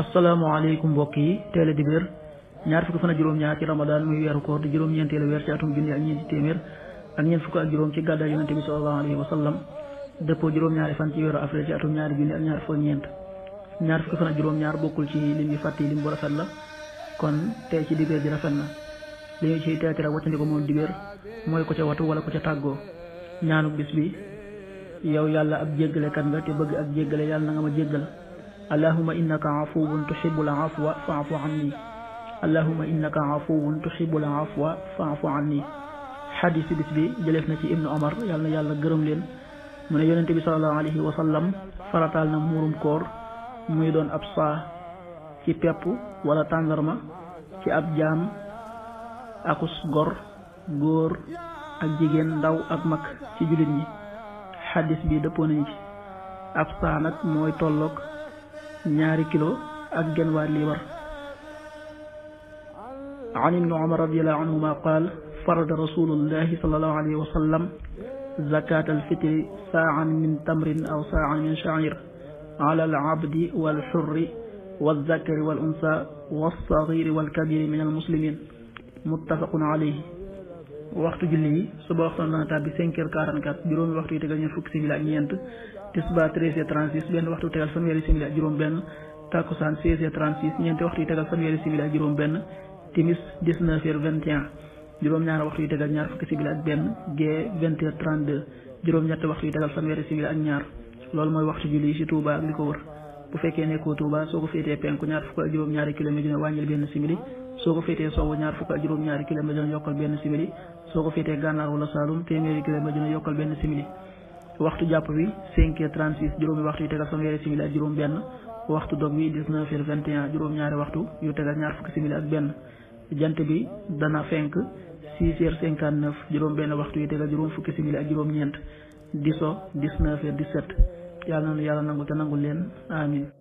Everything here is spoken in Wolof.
asalaamaaleykum mbokk yi teel a dibéer ñaar fukki fan juróom-ñaar ci ramadan muy weeru koor di juróom-ñeenteelu weer ci atum junni ak ñeenti téeméer ak ñeent fukk ak juróom ci gàddaay yonente bi sallallahu alayhi wa sallam dëppoo juróom-ñaari fan ci weeru avril ci atum ñaari junni ak ñaar fukk fukki fan juróom-ñaar bokkul ci lim yu fàtte yi lim bu rafet la kon tey ci dibéer ji rafet na li ñu ciy teetira wattandiko moom dibéer mooy ko ca watu wala ko ca tàggoo ñaanu bis bi yow yàlla ab jéggalekat nga te bëgg ak jéggale yàlla na nga ma jéggal allahuma innaka afuwun tuhibbul afwa fa'fu anni allahuma innaka afuwun tuhibbul afwa fa'fu anni xadis bis bi jëleef na ci ibnu omar yàlla na yàlla gërëm leen mu ne yonente bi sallallahu alayhi wa sallam farataal na muurum koor muy doon ab saa ci pepp wala tàngarma ci ab jaam akus gor góor ak jigéen ndaw ak mag ci jullit ñi xadis bi dëppoo nañu ci ab saa nag mooy tolloog ñaari kilo ak genn waa liibar an ibni omar radiallahu anhuma qaal farada rasulullahi salallahu alayhi wa sallam zakat alfitri saan min tamrin aw saan min shair ala alabdi walxurri walzakari walunsa walsaxiri walkabiri min almuslimin muttafaqun alayhi waxtu julli yi suba waxtoon dana tàbbi 5 heures 44 juróomi waxtu yi tegal ñeent fukki simili ak ñeent tisbaar 13 heures juróom benn waxtu yi tegal fanweeri simili ak juróom benn timis 19 heures juróom ñaar waxtu yi tegal ñaar fukki simili ñett waxtu yi tegal fanweeri simili ak ñaar loolu mooy waxtu julli yi ci Touba ak li ko wër bu fekkee nekkoo Touba soo ko féetee penku ñaar fukk ak juróom-ñaari kilomètre dina wàññil benn simili soo ko féetee sowwu ñaar fukk ak juróom-ñaari kilomètre dina yokkal benn simili soo ko féetee gànnaar wala Saloum téeméeri kilomètre dina yokkal benn jàpp wi 5 heures 36 juróomi waxtu yu tegal fanweeri simili ak juróom benn waxtu dog wi 19 juróom-ñaari waxtu yu tegal fukki simili ak benn jant bi dana fenk 6 heures 59 juróom benn waxtu yu tegal juróom fukki simili ak juróom ñeent di so 19 heures 17 yàlla na yàlla nangu te nangu leen amin